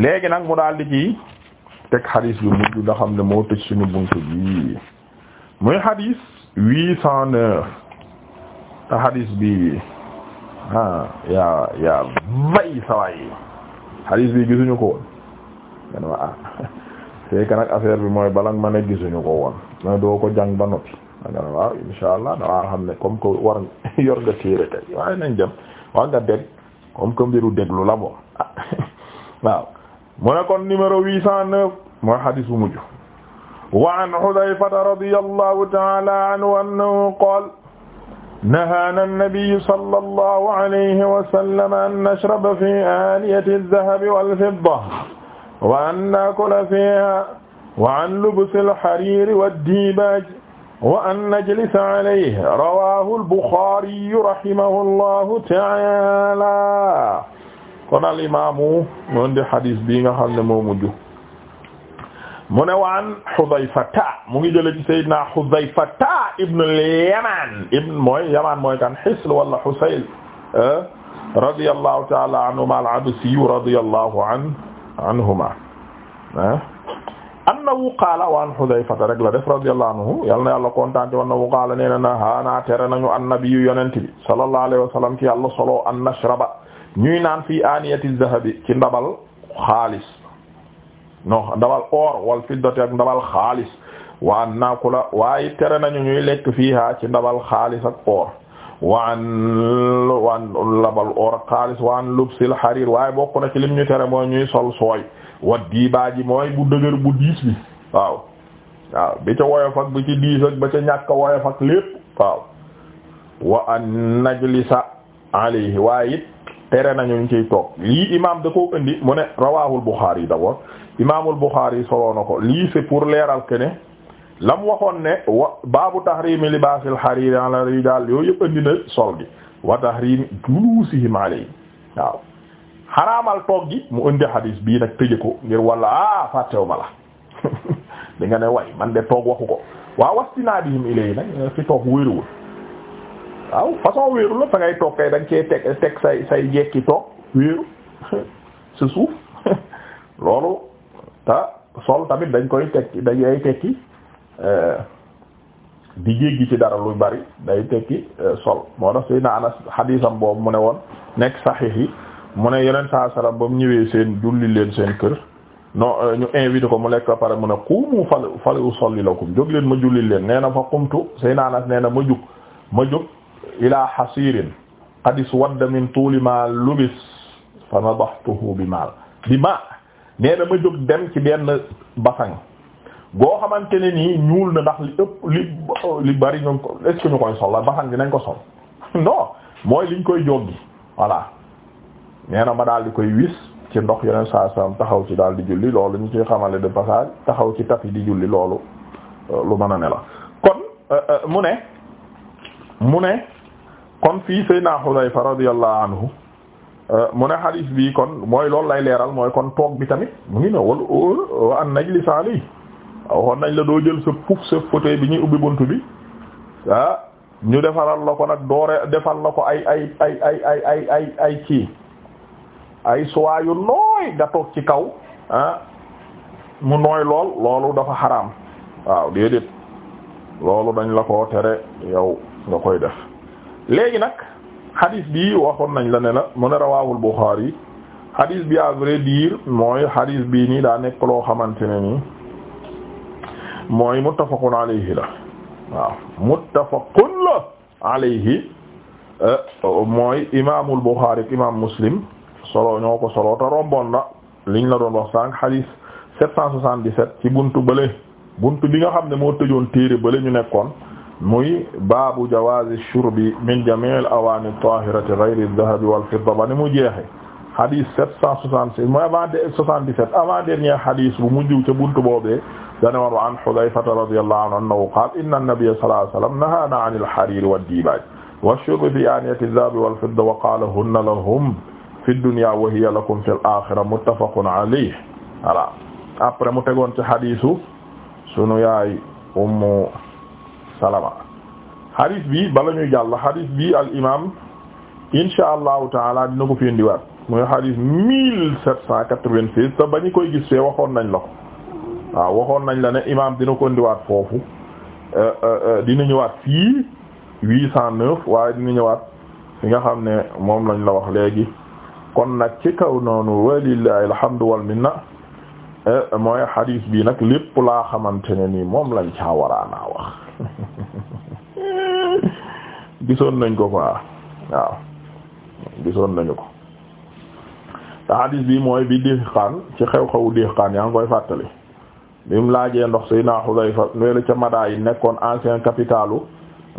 léegi nag mu daal liggéey ci teg xadis bi mujj nga ne moo tëj suñu buntu bi muy xadis huit cent neuf te xadis bi ah yaa yaa vay sawaay xadis bi gisuñu ko woon man ma ah c'est nag affaire bi mooy balang ma ne gisuñu ko woon ma doo ko jàng ba noppi ma ne waaw insha allah dawaa xam ne comme que war yor nga téere kay waaye nañ dem waa nga dégg comme que mbiru déglu la moom ah, waaw mu ne kon numéro 809 mooy xadis bu mujj wa an Hudayfata radiyallahu ta'ala anhu annahu qaala nahaana an-nabiyyu sallallahu alayhi wa sallam an nashraba fi aaniyati az-zahabi wal-fidda wa an naakula fiihaa wa an lubsi al-hariiri wad-diibaaj wa an najlisa alayhi rawaahu al-Buxaari rahimahullahu ta'ala kon al imaamu moon di xadis bii nga xam ne moo mujj mu ne waan Xudayfata mu ngi jële ci Seydina Xudayfata ibnu Yamaan ibn mooy Yamaan mooy kan Xisl wala Xusayl eh? radiyallahu taala anhuma al-Absi radiyallahu an anhuma eh? annahu qaala waan Xudayfata rek la def radiyallahu anhu yal na yàlla kontaan annahu qaala nee na nahaanaa tere nañu an-nabiyyu yonent bi sallallahu alayhi wa sallam ci yàlla solo an nashraba ñuy naan fii aniyati zahabi ci ndabal xaalis non ndabal or wal fiddati ak ndabal xaalis wa an naakula waaye tere nañu ñuy lekk fiiha ci ndabal xaalis ak or wa an wa ndabal or ak xaalis wa an lubsil xariir waaye bokk na ci lim ñu tere mooy ñuy sol sooy wa diibaa mooy bu dëgër bu diis bi waaw waaw bi ca woyof ak bi ci diis ak ba ca ñàkk woyof ak lépp waaw wa an najlisa alayhi waaye it tere nañu ñu ciy toog lii imaam da koo indi mu ne rawaahul Bukhari d'abord imaamul Bukhari soloo na ko lii se pour leeral que ne lam waxoon ne wa baabu tahriimi libaasil hariiri ala rijaal yooyu yëpp ëndi na sol gi wa tahriimi juluusihim alayhi waaw xaraamal toog gi mu indi hadis bii nag tëje ko ngir walla ah fàttew ma la di nga ne way man de toog waxu ko waa wastinaa bihim ilay nag fi toog wéeruwul waaw façon wéeru la fa ngay toog kay da nga teg say say jekki toog wéeru sa suuf loolu te sol tamit dañ koy tekki dañuy tekki eh, di jéggi ci dara lu bari day tekki eh, sol moo tax Seydina Anas xadiisam boobu mu ne woon nekk saxiix yi mu ne yeneen saa salaam ba mu ñëwee seen julli leen seen kër non eh, ñu invité ko mu lekk ba pare mu ne qumu fal fal usalli lakum jóg leen ma julli leen nee na fa qumtu Seydina Anas nee na ma jóg ma jóg. ilaa hasiirin qad iswadda min tuuli maa lubis fa nadahtuhu bi maal bi ma nee dama jóg dem ci benn basang goo xamante ne nii ñuul na ndax li ëpp li bari ñoom est ce que ñu koy sol la basang dinañ ko sol non mooy liñ koy joggi voilà nee na ma daal di koy wis ci ndox yeneen saa saam taxaw ci daal di julli loolu ñu ciy xamale de passage taxaw ci tapis di julli loolu euh, lu mën a ne la kon euh, euh, mu ne mu ne kon fii Seydina Hudayfa radiyallahu anhu euh, mu ne xadis bi kon mooy loolu lay leeral mooy kon toog bi tamit mu ngi ne wal wa an najlis ali waxoon nañ la doo jël sa pouf sa fauteuil bi ñuy ubbi bunt bi ah ñu defaral la ko nag doore defal la ko ay ay ay ay ay ay ay ay kii ay soie yu nooy nga toog ci kaw ah, mu nooy lool loolu dafa xaraam waaw déedéet loolu dañ la ko tere yow nga koy def léegi nag hadith bi waxoon nañ la ne la mu ne rawaahul Bukhari hadith bi à vrai mooy hadith bi nii daa nekk loo xamante ne ni mooy muttafaqun alayhi la waaw muttafaqun la alayhi euh, mooy imaamul Bukhari ak imaam Muslim solo ñoo ko solo te romboon na liñ la doon wax sànq hadith 777 ci buntu bële buntu bi nga xam ne moo tëjoon téere bële ñu nekkoon. muy baabu jawaazi shurbi min jamiil awaani taahirati ghayri dahabi wal fidda ba ni mu jeexe hadith sept cent soixante six mooy avant soixante dix sept avant dernier hadith bu mujj ca buntu boobee dane woon wa an Hudhayfata radiyallahu anhu annahu qaala inna an-nabiyya sallallahu alayhi wa sallam nahaana an al-hariir wad-diibaaj wash-shurbi fii aaniyati az-zahabi wal fidda wa qaala hunna lahum fi dunya wa hiya lakum fil aaxira muttafaqun alayhi voilà après mu tegoon ci hadithu sunu yaay ummu Salama hadith bi bala ñuy jàll hadith bi al imaam insha allahu taala dina ko fi indiwaat muy hadith mille sept cent te ba ñu koy gis fee waxoon nañ la ko waaw waxoon nañ la ne imaam dina ko indiwaat foofu euh, euh, euh, dina ñëwaat fii huit cent neuf waaye dina ñëwaat fi nga xam ne moom lañ la wax léegi kon nag ci kaw noonu walillahi alhamdu wal minna mooy hadith bi nag lépp laa xamante ne nii moom lañ caa waraanaa wax gisoon nañ ko quoi waaw gisoon nañu ko te hadis bi mooy bi Dihqaan ci xew-xewu Dihqaan yaa ngi koy fàttali bi mu laajee ndox Seydina Xudayfa loolu ca yi nekkoon ancien capitalu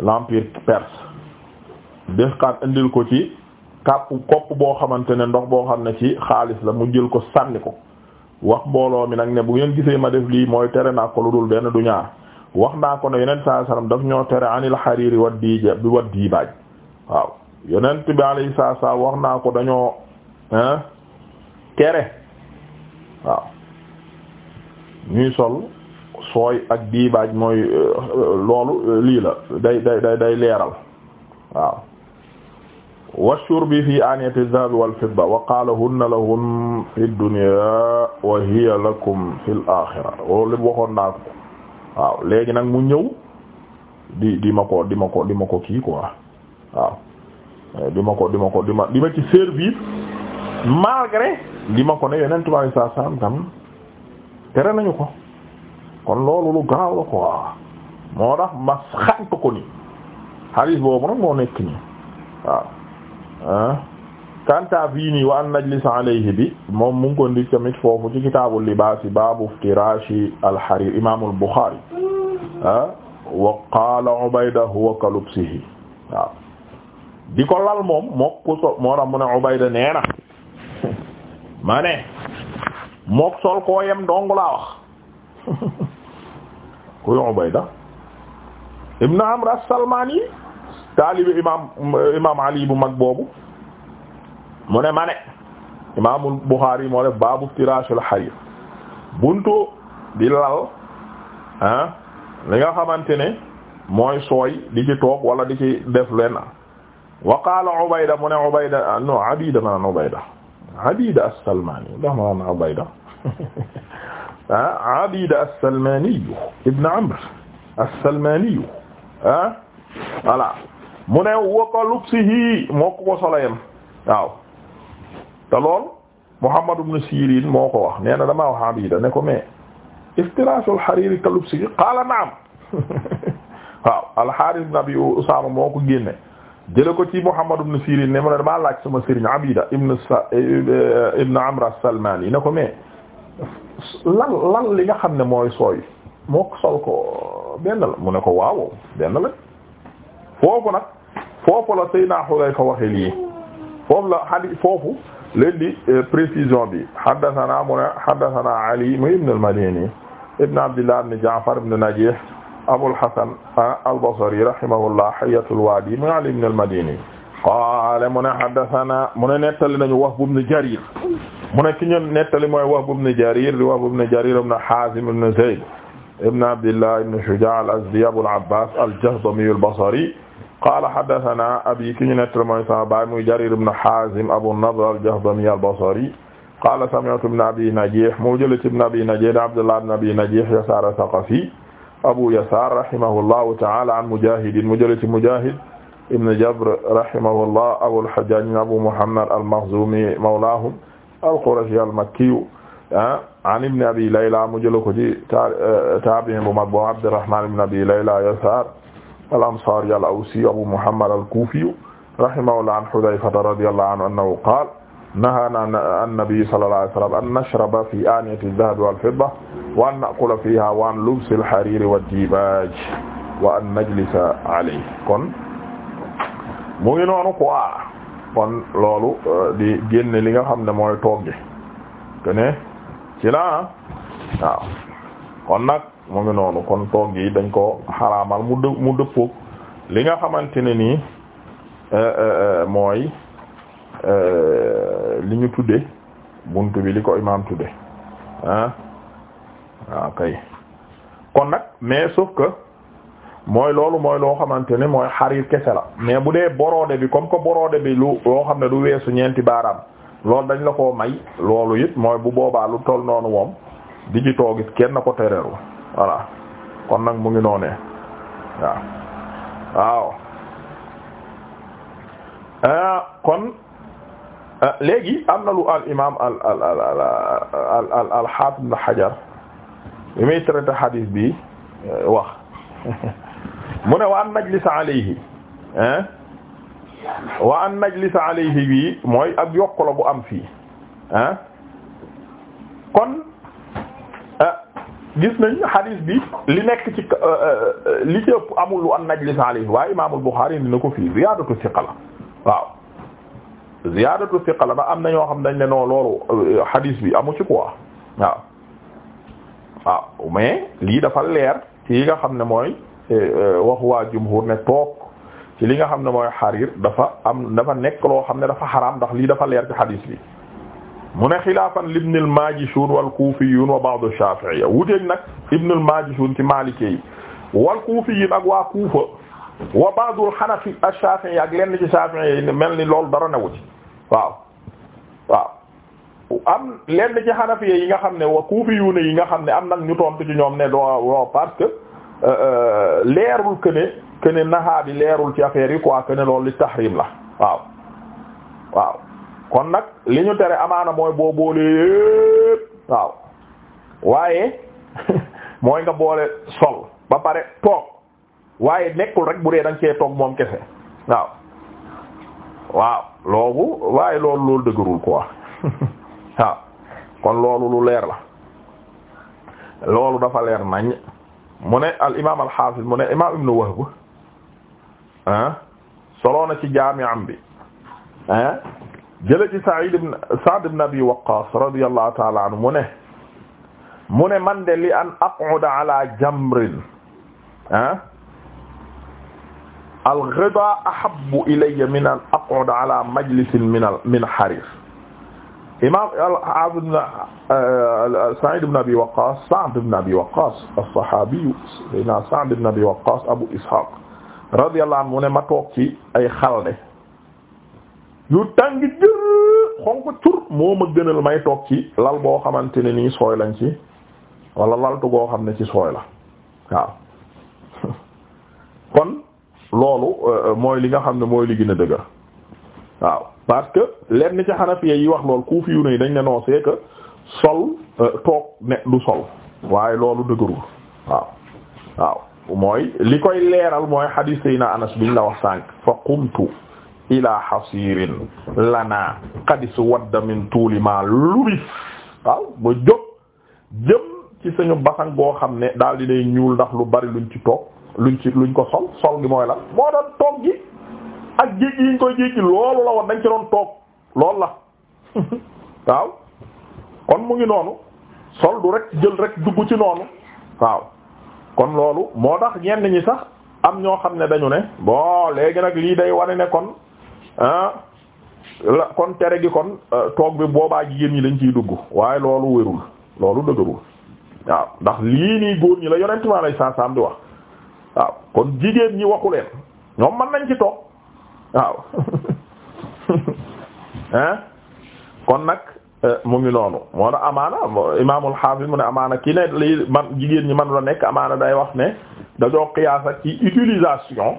l'empire perse Dihqaan indil ko ci kàpp kopp boo xamante ne ndox boo xam ne ci xaalis la mu jël ko sànni ko wax mbooloo mi nag ne bu ngeen gisee ma def lii mooy tere naa ko lu dul benn du ñaar wax naa ko ne yonent saa salaam daf ñoo tere anil xariiri wa diija bi wa diibaaj waaw yonent bi alayhi saa saa wax naa ko dañoo tere waaw ñuy sol sooy ak diibaaj mooy euh, loolu euh, lii la day day leeral waaw wa shurbi fi aniyati dhahab wal fidda wa qala hunna lahum fi dunya wa hiya lakum fil akhirah loolu waxoon naa ko waaw léegi nag mu ñëw di di ma ko di ma ko di ma ko kii ko waaw eh, di ma ko di ma ko di ma di ma ci servir malgré di ma ko ne yeneen tubaab yi saa saam tam tere nañu ko kon loolu lu gaaw la quoi moo tax ma xànk ko ni xaalis boobu nag moo nekk nii waaw ah. kanta bii nii wa an najlisa alayhi bi moom mu ngi ko foofu ci kitaabul libaasi baabu iftirashi alharir imaamul Buxaari ah wa qaala huwa kalubsihi di ko moom mook ku sol moo tax mook sol koo yem dong laa ibn Amr as-Salmaani taalibi imaam imaam Ali bu mag mu ne ma ne imaamul Buxaari moo def baabu firashul xarir buntu di lal ah li nga xamante ne mooy sooy di ci toog wala di ci def len wa qaala Ubayda mu ne Ubayda ah, non Abida ma naan Ubayda Abida as-Salmani ndax ma naan Ubayda ah Abida as-Salmani ibn Amr as-Salmani ah voilà mu ne wa lubsihi moo ko ko solo yem waaw te lool Muhammad ibn Sirin moo ko wax nee na damaa wax Abida ne ko mais iftirashul hariri kalubsi gi qaala naam waaw al-Harith Abi Usama moo ko génne jële ko ci Muhammad ibn Sirin ne ma ne damaa laaj sama sëriñ Abida ibn eh, eh, ibn Amr as-Salmani ne ko mais lan lan li nga xam ne mooy sooy moo ko sol ko benn la mu ne ko waaw benn la foofu nag foofu la Seydina Hudayfa waxe lii foofu la hadi foofu léegi euh, précision bi haddathana mu ne haddathana Ali muy ibn al-Madini ibn Abdillah ibn Ja'far ibn Najih Abul Hasan ah, al-Basri rahimahullah hayyatul wadi mu Ali ibn al-Madini qaala mu ne haddathana mu ne nettali nañu Wahb ibn Jarir mu ne ki ñu nettali mooy Wahb ibn Jarir di Wahb ibn Jarir ibn Hazim ibn Zayd ibn Abdillah ibn Shuja' al-Azdi Abul Abbas al-Jahdami al-Basri qaala haddasanaa abii ki ñu nettali mooy sama baay muy Jariir ibn Haazim Abuu Nadr al-Jahdamii al-Basrii qaala sami'tu ibn Abii Najiih mu jëlee ci ibn Abii Najiih Abdullah ibn Abii Najiih Yasaar as-Saqafii Abuu Yasaar rahimahullaahu ta'aalaa an Mujaahid mu jëlee ci Mujaahid ibn Jabr rahimahullaah Abul Hajjaaj Abuu Muhammad al-Makhzuumii mawlaahum al-Qurashii al-Makkii an ibn Abii Laylaa mu jëlee ko ci taabi'iin eh, bu mag bu Abdurrahmaan ibn Abii Laylaa Yasaar al-Ansaari al-Awsi Abu Muhammad al-Kuufi rahimahullah an Hudayfata radiyallahu anhu annahu qaala nahaanaa an-nabiyyu sallallahu alayhi wa sallam an nashraba fii aaniyati adh-dhahabi wal-fidda wa an na'kula fiihaa wa an lubsi al-hariiri wad-dibaaj wa an najlisa alayhi kon mu ngi noonu quoi kon loolu euh, di génn li nga xam ne mooy toog gi te ne ci la ah. waaw kon nag mu ngi noonu kon toog gi dañ ko xaraamal mu dë mu dëppoog li nga xamante ne nii eh, eh, eh, mooy li ñu tudde bunt bi li ko imaam tudde ah waaw kay kon nag mais sauf que mooy loolu mooy loo xamante ne mooy xarir kese la mais bu dee boroode bi comme que boroode bi lu loo xam ne du weesu ñeenti baaraam loolu dañ la koo may loolu it mooy bu boobaa lu toll noonu moom di ci toogit kenn ko tereeru voilà kon nag mu ngi noonee waaw waaw ah, kon ah, léegi am na lu al imaam al al al al al al xaafid ibn Hajar bi muy traité xadiis bi eh, wax mu ne wa an najlisa alayhi hein wa an najlisa alayhi bi mooy ab yokk la am fii hein kon gis nañ hadis bi li nekk ci euh, euh, li ci amul lu an najlis alayhi waaye imaamul Buxaari na ko fii ziyaadatu siqa la waaw ziyaadatu siqa la ba am na ñoo xam dañ ne non loolu hadis euh, bi amu ci quoi waaw waaw mais lii dafa leer ci nga xam ne mooy waxu waa jumhur ne toog ci li nga xam ne mooy xariir dafa am dafa nekk loo xam ne dafa xaraam ndax lii dafa leer ci hadis bi mu ne xilaafan li Ibn al-Majishun wal Kufiyyun wa ba'd ash-Shafi'iyya wuuteeg nag Ibn al-Majishun ci Maliki yi ak waa Kufa wa ba'd al-Hanafi ash-Shafi'iyya ak lenn ci Shafi'iyya yi mel ni lool dara newu ci waaw waaw am lenn ci Hanafi yi nga xam ne wa Kufiyyun yi nga xam ne am nag ñu tontu ci ñoom ne doo parce que euh, euh, leerul que ne que ne bi leerul ci affaire yi quoi que ne li tahrim la waaw kon nag. li ñu tere amaana mooy boo boole yépp waaw waaye mooy nga boole sol ba pare toog waaye nekkul rek bu dee danga cee toog moom kese waaw waaw loogu waaye loolu loolu dëgërul quoi waaw kon loolu lu leer la loolu dafa leer nañ mu ne al imaam al xaafis mu ne imaam ibnu Wahb ah soloona ci jaami'am bi ah jële ci Sa'id ibn Sa'd ibn Abi Waqqas radiyallahu ta'ala anhu mu ne mu ne man de li an aq'uda ala jamrin ah al-ghida ahabbu ilayya min an aq'uda ala majlisin min min harir imam al-hafiz euh, Sa'id ibn Abi Waqqas Sa'd ibn Abi Waqqas as-sahabi Sa'd ibn Abi Waqqas Abu Ishaq radiyallahu anhu mu ne ma toog ci ay xalde yu tàng jër xonk cur moo ma gënal may toog ci lal boo xamante ne nii sooy lañ ci wala laltu goo xam ne ci sooy la waaw kon loolu euh, mooy li nga xam ne mooy li gën a dëgër waaw parce que lenn ci xanafiya yi wax lool ku fi yu ne dañ ne non c'est sol euh, toog ne du sol waaye loolu dëgërul waaw waaw mooy li koy leeral mooy hadith na Anas biñ la wax sànq fa qumtu ila hasirin lana xadis wadda min tuuli ma lubis waaw ba jóg jëm ci suñu basan boo xam ne daal di day ñuul ndax lu bari luñ ci toog luñ ci luñ ko sol sol gi mooy lan moo doon toog gi ak jéeg yiñ koy jéeg loolu la woon dañ ci doon toog lool la waaw kon mu ngi noonu sol du rek jël rek dugg ci noonu waaw kon loolu moo tax ñenn ñi sax am ñoo xam ne dañu ne bon léegi nag lii day wane ne kon ah la kon tere gi kon euh, toog bi boobaa jigéen ñi lañ ciy dugg waaye loolu wérul loolu dëgërul waaw ndax lii nii góor ñi la yonent ma lay saa saam di waaw kon jigéen ñi waxu ñoom man nañ ci toog waaw ah kon nag euh, mu ngi noonu moo tax amaana imaamul xaafis mu ne amaana ki ne lii man jigéen ñi man la nekk amaana day wax ne dañoo qiyaas ak ci utilisation.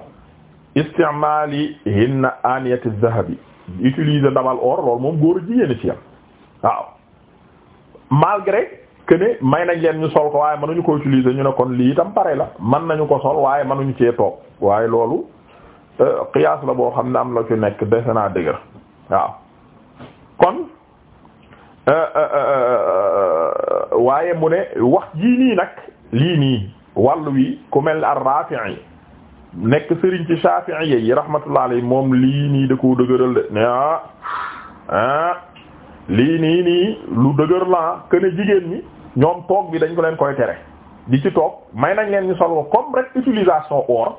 isticmaali hinna aniyati zahabi utiliser dabal or loolu moom góor a jigéen ci yam waaw malgré que may nañ leen ñu sol ko waaye mënuñu ko utiliser ñu ne kon lii itam pare la mën nañu ko sol waaye mënuñu cee toog waaye loolu euh, qiyaas la boo xam ne am la ci nekk dese naa dëgër waaw kon euh, euh, waaye mu ne wax jii nii nag lii nii wàllu wi ku mel ar Rafi'i nekk sëriñ ci Shafi'iyya yi rahmatullah alayhi moom lii nii da koo dëgëral de ne ah, ah lii nii nii lu dëgër la kën a jigéen ñi ñoom toog bi dañ ko leen koy tere di ci toog may nañ leen ñu sol ko comme rek utilisation or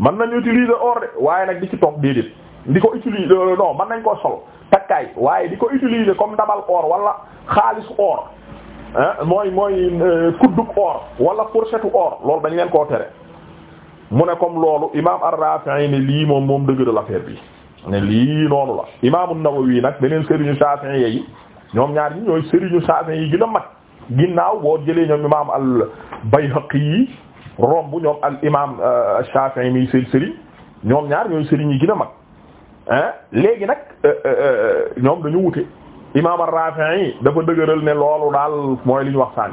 mën nañu utiliser or de waaye nag di ci toog déedéet di ko utiliser euh, non mën nañ ko sol takkaay waaye di ko utiliser comme dabal or wala xaalisu or ah mooy mooy euh, kudduk or wala fourchette or loolu dañ leen koo tere mu ne comme loolu imaam ar-Rafi'i ne lii moom moom dëgg la affaire bi ne lii noonu la imaam an wii nag beneen sëriñu Shafi'i yi ñoom ñaar ñi ñooy sëriñu Shafi'i yi gën a mag ginnaaw boo jëlee ñoom imaam al-Bayhaqi yi romb ñoom al imaam euh, Shafi'i mi seen sëriñ ñoom ñaar ñooy sëriñ yi a mag léegi nag euh, euh, ñoom dañu wute imaam ar-Rafi'i dafa dëgëral ne loolu daal mooy li ñu wax sànq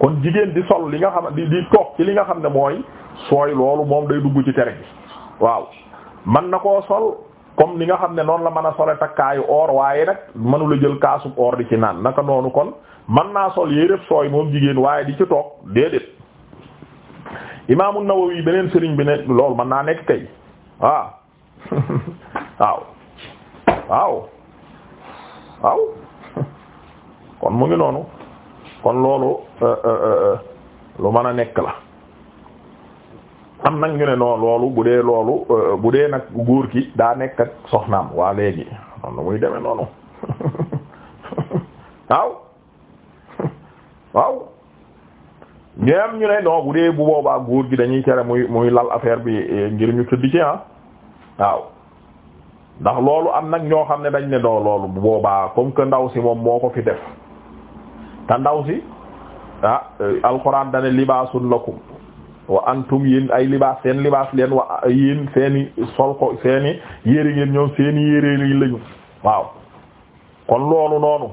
kon jigéen di sol li nga xam di di toog ci li nga xam ne mooy. sooy loolu moom day dugg ci tere gi waaw man na koo sol comme ni nga xam ne noonu la mën a sole takkaayu or waaye nag mënula jël kaasu or di ci naan naka noonu kon man naa sol yéy rép sooy moom jigéen waaye di ci toog déedéet imaamu Nawawi beneen sëriñ bi ne loolu mën naa nekk kay waaw mu ngi noonu kon loolu euh, euh, euh, lu mën a nekk la am nag ñu ne non loolu bu dee loolu euh, bu dee nag góor ki daa nekk soxnaam waa léegi am na muy demee noonu waaw waaw ñu am ñu ne non bu dee bu boobaa góor gi dañuy tere muy muy lal affaire bi euh, ngir ñu tëdd ci ah waaw ndax loolu am nag ñoo xam ne dañ ne doo loolu bu boobaa comme que ndaw si moom moo ko fi def te ndaw si ah euh, alxuraan dane la lakum wa antum yéen ay libaas seen libaas leen wa yéen seeni sol ko seeni yére ngeen ñoom seeni yére yi lañu waaw kon loolu noonu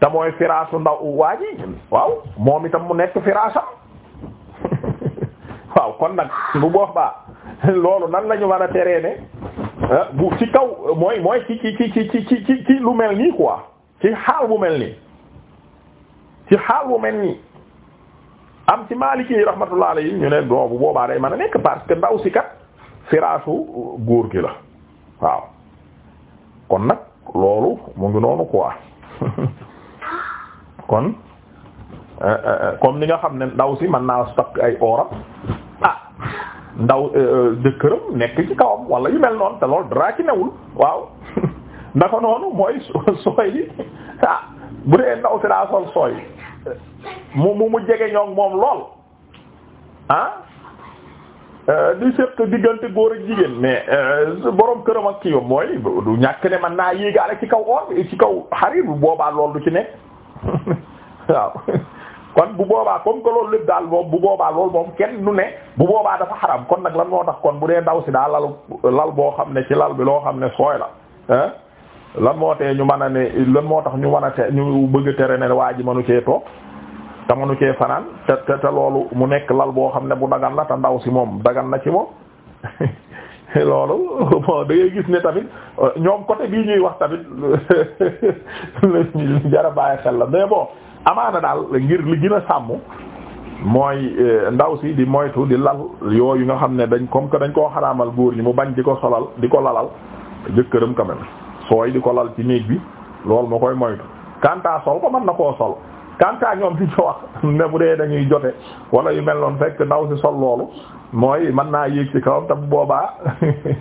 te mooy firaasu ndaw waa ji waaw moom itam mu nekk firaasam waaw kon nag bu boobaa loolu nan lañu mën a teree ne ah, bu ci kaw mooy mooy ci ci ci ci ci lu mel nii quoi ci xaal bu mel nii ci xaal bu mel nii am ci Maliki rahmatullah alayhi ñu ne bon bu boobaa day mën a nekk parce que ndaw si kat firaasu góor gi la waaw kon nag loolu mu ngi noonu quoi kon eh, eh, eh, comme ni nga xam ne ndaw si mën naa takk ay ooram ah ndaw jëkkëram nekk ci kawam wala yu mel noonu te loolu dara ci newul waaw naka noonu mooy sooy bi ah bu dee ndaw si daa sol sooy mu mu mu jege ñoom moom lool ah euh, di seq diggante góor ak jigéen mais euh, borom këram ak kii mooy du ñàkk ne man naa yéegaale ci kaw or ci kaw xarir bu boobaa lool du ci ne waaw kon bu boobaa comme que loolu lépp daal moom bu boobaa loolu moom kenn du ne bu boobaa dafa xaram kon nag lan moo tax kon bu dee daw si daal lal lal boo xam ne ci lal bi loo xam ne sooy la ah lan moo tee ñu man a ne lan moo tax ñu mën a te ñu bëgg a tere ne waa ji mënu cee toog te mënu cee fanaan te te te loolu mu nekk lal boo xam ne bu dagan la te ndaw si moom dagan na ci moom loolu bon da ngay gis ne tamit ñoom côté bii ñuy wax tamit jara bàyyi xel la mais bon amaana daal ngir li gën a sàmm mooy eh, ndaw si di moytu di lal yooyu nga xam ne dañ comme que dañ koo xaraamal góor ñi mu bañ di ko solal di ko lalal jëkkëram quand même tooy di ko lal ci néeg bi loolu moo koy moytu kanta sol ko mën na koo sol kanta ñoom ci wax ne bu dee dañuy jote wala yu mel noonu fekk ndaw si sol loolu mooy man naa yéeg ci kawam te boobaa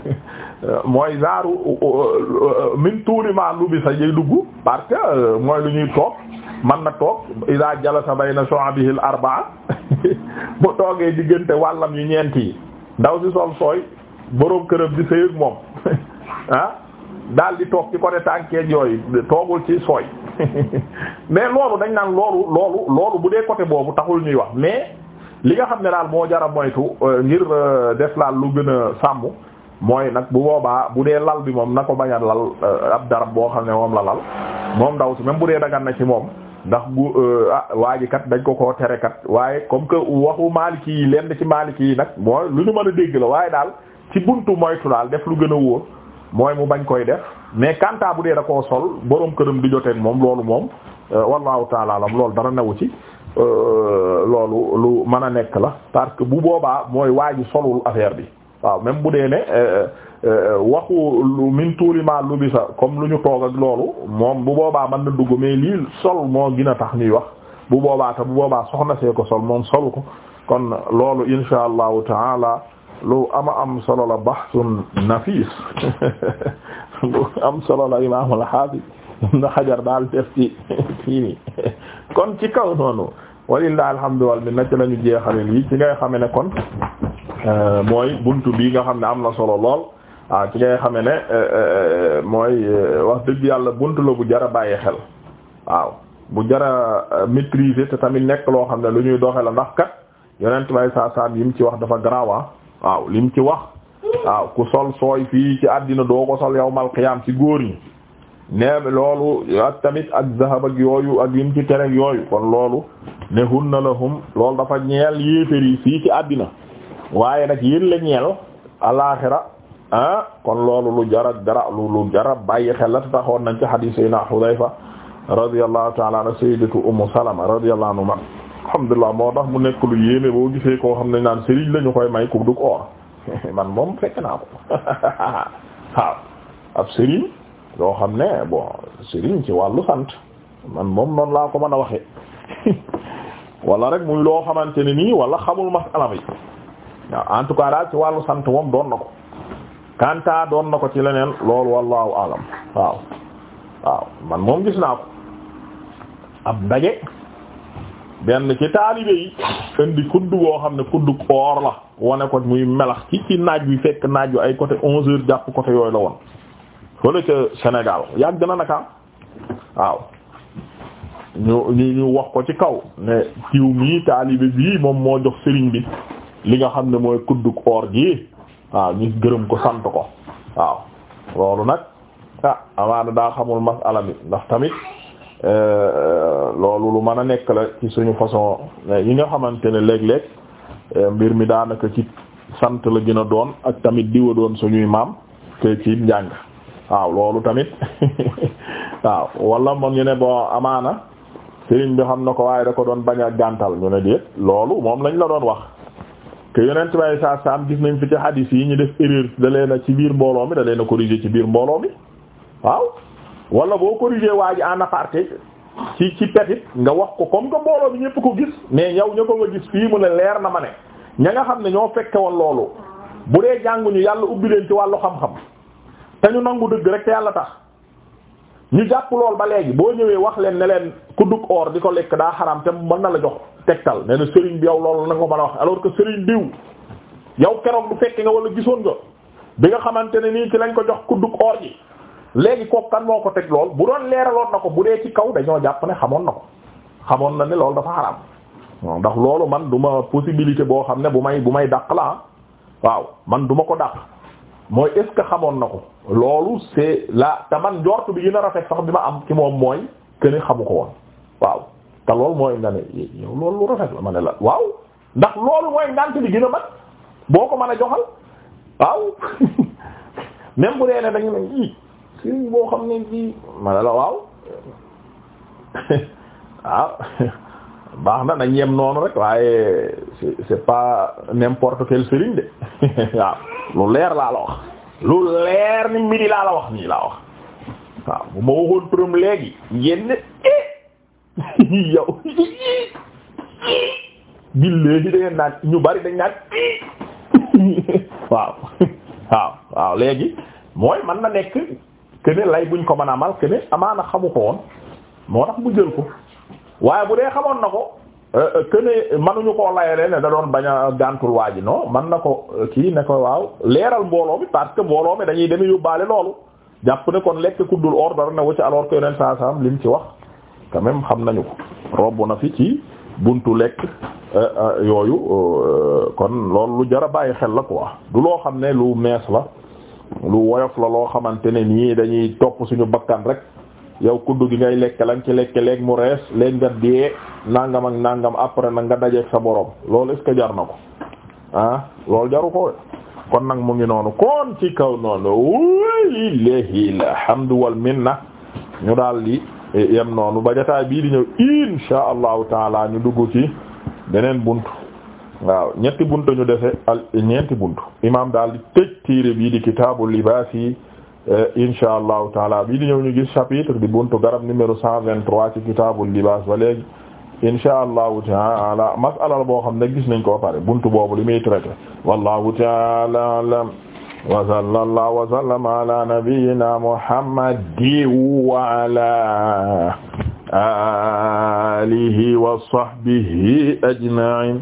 mooy zaaru uh, uh, uh, min tuuri ma lu bi sa jëy dugg parce que mooy lu ñuy toog man na toog ida jalasa bayna shu'abihi al-arba'a bu toogee diggante wàllam yu ñeenti yi ndaw si sol sooy boroom këram di sëyeek moom ah daal di toog ci côté tànkeeg yooyu toogul ci sooy mais loolu dañ naan loolu loolu loolu bu dee côté boobu taxul ñuy wax mais li nga xam ne daal moo jara moytu euh, ngir euh, def laal lu gën a sàmm mooy nag bu boobaa bu dee lal bi moom na ko bañ a lal euh, ab darab boo xam ne moom la lal moom ndaw si même bu dee dagan na ci moom ndax bu ah, waa ji kat dañ ko ko tere kat waaye comme que waxu maaliki yi lenn ci maaliki yi nag mooy lu ñu mën a dégg la waaye daal ci buntu moytu daal def lu gën a wóor mooy mu bañ koy def mais kanta bu dee da koo sol boroom këram di joteen moom loolu moom euh, wallahu taala alam loolu dara newu ci euh, loolu lu mën a nekk la parce que bu boobaa mooy waaji solul affaire bi waaw même bu dee ne euh, waxu lu min tuulima lu bi sax comme lu ñu toog ak loolu moom bu boobaa man na dugg mais lii sol moo gin a tax ñuy wax bu boobaa te bu boobaa soxna see ko sol moom solu ko kon loolu insha allahu taala lu ama am solo la bahsun nafis lu am solo la imaam al-Hafiz Ibn Hajar daal def ci kii nii kon ci kaw noonu walillahi alhamdu wal minna ci la ñu jeexale lii ci ngay xame ne kon euh, mooy buntu bii nga xam ne am na solo lool waaw ah, ci ngay xame ne euh, euh, mooy wax dëgg yàlla bunt la bu jara bàyyi xel waaw bu jara maîtriser te tamit nekk loo xam ne lu ñuy doxe la ndax kat yonent bay saa yim ci wax dafa garaawa ah. waaw lim ci wax waaw ku sol sooy fii ci àddina doo ko sol yawmal qiyaam ci góor ñi nee loolu ak tamit ak zahab ak yooyu ak lim ci tereg yooyu kon loolu ne hunna lahum loolu dafa ñeel yéefér yi fii ci àddina waaye nag yéen la ñeel alaaxira ah kon loolu lu jara dara lu lu jara bàyyi xel la taxoon nañ ci hadiis sayna Hudayfa radiyallahu ta'ala an sayyidatu Ummu Salama radiyallahu anha alhamdulilah moo tax mu nekk lu yéeme boo gisee koo xam ne naan sëriñ la ñu koy may ku dug or man moom fekk naa ko waaw ab sëriñ yoo xam ne bon sëriñ ci wàllu sant man moom noonu laa ko mën a waxee walla rek muy loo xamante ne nii wala xamul masala bi waaw en tout cas daal ci wàllu sant moom doon na ko kanta doon na ko ci leneen loolu wallahu alam waaw waaw man moom gis naa ko ab daje benn ci taalibe yi indi kudd woo xam ne kudd koor la wane ko muy melax ci ci naaj wi fekk naaj wi ay côté onze heures jàpp côté yooyu la woon fële ca Sénégal yàgg na naka waaw ñu ñu ñu wax ko ci kaw ne tiw mii taalibe bii moom moo jox sëriñ bi li nga xam ne mooy kudd koor gi waaw ñu gërëm ko sant ko waaw loolu nag ah amaana daa xamul masala mi ndax tamit Euh, loolu lu mën a nekk la ci suñu façon yi nga xamante ne léeg-léeg euh, mbir mi daanaka ci sant la gën doon ak tamit diwa doon suñuy maam te ci njàng waaw loolu tamit waaw wala moom ñu ne bon amaana sëriñ bi xam na ko waaye da ko doon bañ a gàntal ñu ne déet loolu moom lañ la doon wax que yonent bay saa saam gis nañ fi ci hadis yi ñu def erreur da leen ci biir mbooloo mi da na a corriger ci biir mbooloo mi waaw wala boo ko corrigé waa ji en aparté ci ci petit nga wax ko comme que mbooloo bi ñëpp ko gis mais yow ña ko nga gis fii mu ne leer na ma ne ña nga xam ne ñoo fekke woon loolu bu dee jàngu ñu yàlla ubbi leen ci wàllu xam-xam te ñu nangu dëgg rek te yàlla tax ñu jàpp lool ba léegi boo ñëwee wax leen ne leen ku dugg or di ko lekk daa xaram te mën na la jox tegtal nee na sëriñ bi yow loolu na nga ko mën a wax alors que sëriñ diw yow keroog bu fekke nga wala gisoon nga bi nga xamante ne nii ci lañ ko jox ku dugg or ji léegi kooku kan moo ko teg lool bu doon leeraloon na ko bu dee ci kaw dañoo jàpp ne xamoon na ko xamoon na ne lool dafa xaraam ndax loolu man du ma possibilité boo xam ne bu may bu may dàq la ah. waaw man du ko dàq mooy est xamoon na ko loolu c'est la te man bi gën a rafet sax bi ma am ci moom mooy que ne xamu ko woon waaw te loolu mooy nga ne yow ma ne la waaw ndax loolu mooy ngant bi gën a mat ko mën a joxal waaw même bu dee ne ne sëriñ boo xam ne fii ma ne la waaw ah, baax na nañ yem noonu rek waaye c'est c'est pas n'importe quel sëriñ de waaw lu leer laa wax lu leer ni midi laa la wax nii laa wax waaw bu ma waxoon turam léegi yenn eh! yow billahi da ngeen naan ñu bari dañ naan eh! waaw waaw waaw léegi mooy man na nekk que ne lay buñ ko mën a amal que amaana xamu ko woon moo tax mu jël ko waaye bu dee xamoon na ko euh, euh, que ne mënuñu ko layalee ne da doon bañ a gàntul waa ji non man na ko euh, kii ne ko waaw leeral mbooloo mi parce que mbooloo mi dañuy dem yóbbaale loolu jàpp ne kon lekk kuddul ordre ne wu ci alors que yeneen saa saa am lim ci wax quand même xam nañu ko robb na fi ci buntu lekk yooyu kon loolu lu jar a bàyyi xel la quoi du loo xam ne lu mees la. lu woyof la loo xamante ne nii dañuy topp suñu bakkan rek yow kuddu gi ngay lekk lañ ci lekk léeg mu rees léeg nga dee nangam ak nangam après na nga dajeeg sa borom loolu est jar na ko ah loolu jaru ko kon nag mu ngi noonu kon ci kaw noonu walillahi alhamdu wal minna ñu daal di yem noonu ba jotaay bii di ñëw insha allahu taala ñu dugg ci beneen bunt waaw ñetti buntu ñu defe al ñeenti buntu imaam daal di tëj tiire bii di kitaabu libaas yi eh, insha allahu taala bii di ñëw ñu gis chapitre di buntu garab numéro cent vingt-trois ci kitaabu libaas ba léegi insha allahu taala masala boo xam ne gis nañ ko pare buntu boobu li muy traité wallahu taala alam wa sallallahu wa sallama ala nabiyyina muhammadin wa ala alihi wa sahbihi ajma'in